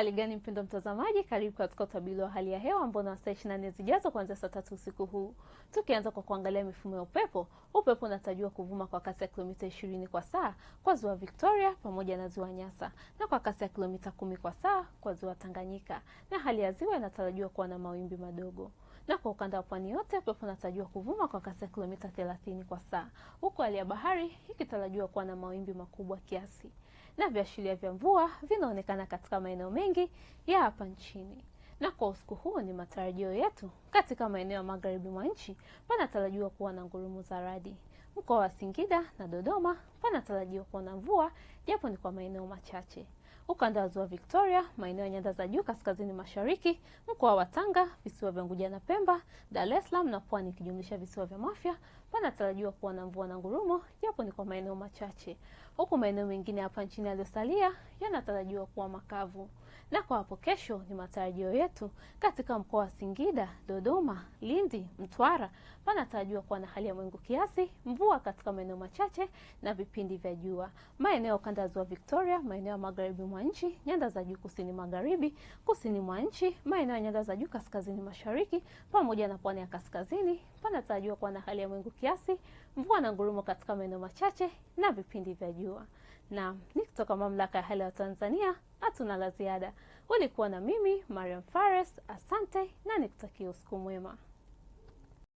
Hali gani mpendo mtazamaji, karibu katika utabili wa hali ya hewa ambao na saa 24 zijazo kuanzia saa tatu usiku huu, tukianza kwa kuangalia mifumo ya upepo. Upepo unatarajiwa kuvuma kwa kasi ya kilomita ishirini kwa saa kwa ziwa Victoria pamoja na ziwa Nyasa na kwa kasi ya kilomita kumi kwa saa kwa ziwa Tanganyika, na hali ya ziwa inatarajiwa kuwa na mawimbi madogo na kwa ukanda wa pwani yote upepo unatajiwa kuvuma kwa kasi ya kilomita thelathini kwa saa, huku hali ya bahari ikitarajiwa kuwa na mawimbi makubwa kiasi na viashiria vya mvua vinaonekana katika maeneo mengi ya hapa nchini. Na kwa usiku huu ni matarajio yetu, katika maeneo ya magharibi mwa nchi panatarajiwa kuwa na ngurumo za radi. Mkoa wa Singida na Dodoma panatarajiwa kuwa na mvua japo ni kwa maeneo machache ukanda wa ziwa Victoria, maeneo ya nyanda za juu kaskazini mashariki, mkoa wa Tanga, visiwa vya Unguja na Pemba, Dar es Salaam na Pwani ikijumlisha visiwa vya Mafia panatarajiwa kuwa na mvua na ngurumo, japo ni kwa maeneo machache, huku maeneo mengine hapa nchini yaliyosalia yanatarajiwa kuwa makavu. Na kwa hapo kesho ni matarajio yetu katika mkoa wa Singida, Dodoma, Lindi, Mtwara panatarajiwa kuwa na hali ya mawingu kiasi, mvua katika maeneo machache na vipindi vya jua. Maeneo ya ukanda wa ziwa Victoria, maeneo ya magharibi mwa mwa nchi, nyanda za juu kusini magharibi, kusini mwa nchi, maeneo ya nyanda za juu kaskazini mashariki pamoja na pwani ya kaskazini panatarajiwa kuwa na hali ya mawingu kiasi, mvua na ngurumo katika maeneo machache na vipindi vya jua. Na ni kutoka Mamlaka ya Hali ya Tanzania, hatuna la ziada. Ulikuwa na mimi Mariam Phares, asante na nikutakie usiku mwema.